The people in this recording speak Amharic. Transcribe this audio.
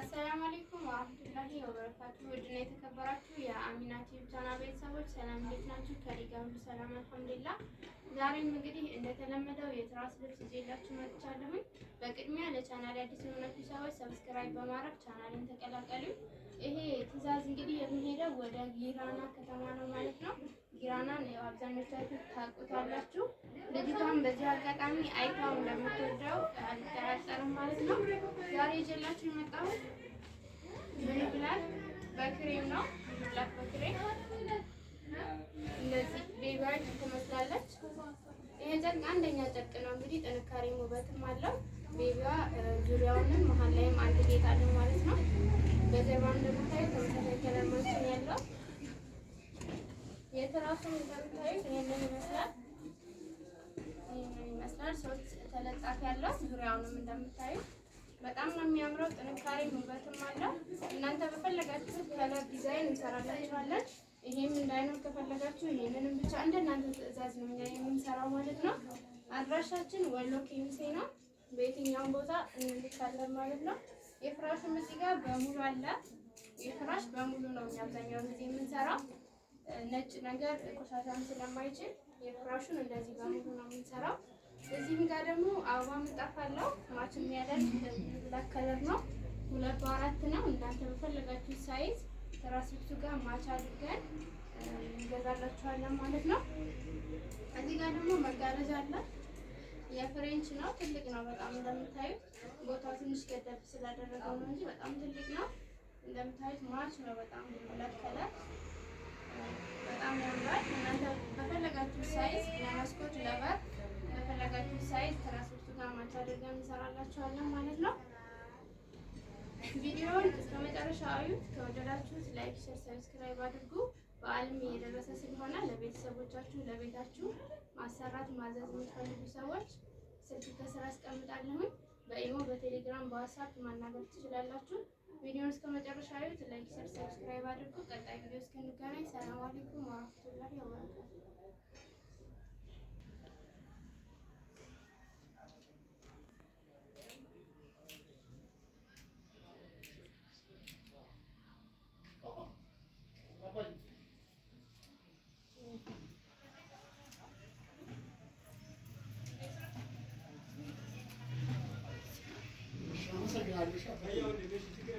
አሰላሙ አለይኩም ወራህመቱላሂ ወበረካቱ። ውድና የተከበራችሁ የአሚና ቲቪ ቻናል ቤተሰቦች ሰላም፣ እንዴት ናችሁ? ከእኔ ጋር ሁሉ ሰላም አልሐምዱሊላህ። ዛሬም እንግዲህ እንደተለመደው የትራስ ልብስ ይዤላችሁ መጥቻለሁኝ። በቅድሚያ ለቻናል አዲስ የሆናችሁ ሰዎች ሰብስክራይብ በማድረግ ቻናልን ተቀላቀሉ። ይሄ ትዕዛዝ እንግዲህ የሚሄደው ወደ ጊራና ከተማ ነው ማለት ነው። ጊራናን አብዛኞቻችሁ ታውቁታላችሁ። ልጅቷም በዚህ አጋጣሚ አይታውን ለምትወደው አልጠራጠርም ማለት ነው ዛሬ ይዤላችሁ የመጣሁት ብንብላት በክሬም ነው። ብንብላት በክሬም እንደዚህ ቤቢዋች ትመስላለች። ይህ ጨርቅ አንደኛ ጨርቅ ነው እንግዲህ ጥንካሬም ውበትም አለው። ቤቢዋ ዙሪያውንም መሀል ላይም አንድ ጌጥ አለው ማለት ነው። በጀርባ እንደምታዩ ተመሳሳይ ከለማችን ያለው የትራሱ እንደምታዩት ይህንን ይመስላል። ይመስላል ሶስት ተለጣፊ ያለው ዙሪያውንም እንደምታዩት በጣም ነው የሚያምረው። ጥንካሬ ውበትም አለው። እናንተ በፈለጋችሁ ከለር ዲዛይን እንሰራላችኋለን። ይሄም እንዳይኖር ከፈለጋችሁ ይሄንንም ብቻ እንደ እናንተ ትዕዛዝ ነው እኛ የምንሰራው ማለት ነው። አድራሻችን ወሎ ኬሚሴ ነው። በየትኛውም ቦታ እንልካለን ማለት ነው። የፍራሹም ምጽጋ በሙሉ አለ። የፍራሽ በሙሉ ነው እኛ ጊዜ የምንሰራው። ነጭ ነገር ቆሻሻም ስለማይችል የፍራሹን እንደዚህ በሙሉ ነው የምንሰራው። እዚህም ጋር ደግሞ አበባ ምንጣፍ አለው። ማች የሚያደርግ ብላክ ከለር ነው። ሁለት አራት ነው። እናንተ በፈለጋችሁ ሳይዝ ከራሳችሁ ጋር ማች አድርገን እንገዛላችኋለን ማለት ነው። እዚህ ጋር ደግሞ መጋረጃ አለ። የፍሬንች ነው። ትልቅ ነው በጣም እንደምታዩት። ቦታ ትንሽ ገደብ ስላደረገው ነው እንጂ በጣም ትልቅ ነው። እንደምታዩት ማች ነው በጣም ብላክ ከለር አድርገን እንሰራላችኋለን ማለት ነው። ቪዲዮውን እስከ መጨረሻ አዩት። ከወደዳችሁት ላይክ፣ ሼር፣ ሰብስክራይብ አድርጉ። በዓልም የደረሰ ስለሆነ ለቤተሰቦቻችሁ ለቤታችሁ ማሰራት ማዘዝ የምትፈልጉ ሰዎች ስልክ ከስራ አስቀምጣለሁኝ። በኢሞ በቴሌግራም በዋትስአፕ ማናገር ትችላላችሁ። ቪዲዮውን እስከ መጨረሻ አዩት። ላይክ፣ ሼር፣ ሰብስክራይብ አድርጉ። ቀጣይ ቪዲዮ እስክንገናኝ ሰላም አለይኩም ወራህመቱላሂ ወበረካቱ። 没有，你们是这个。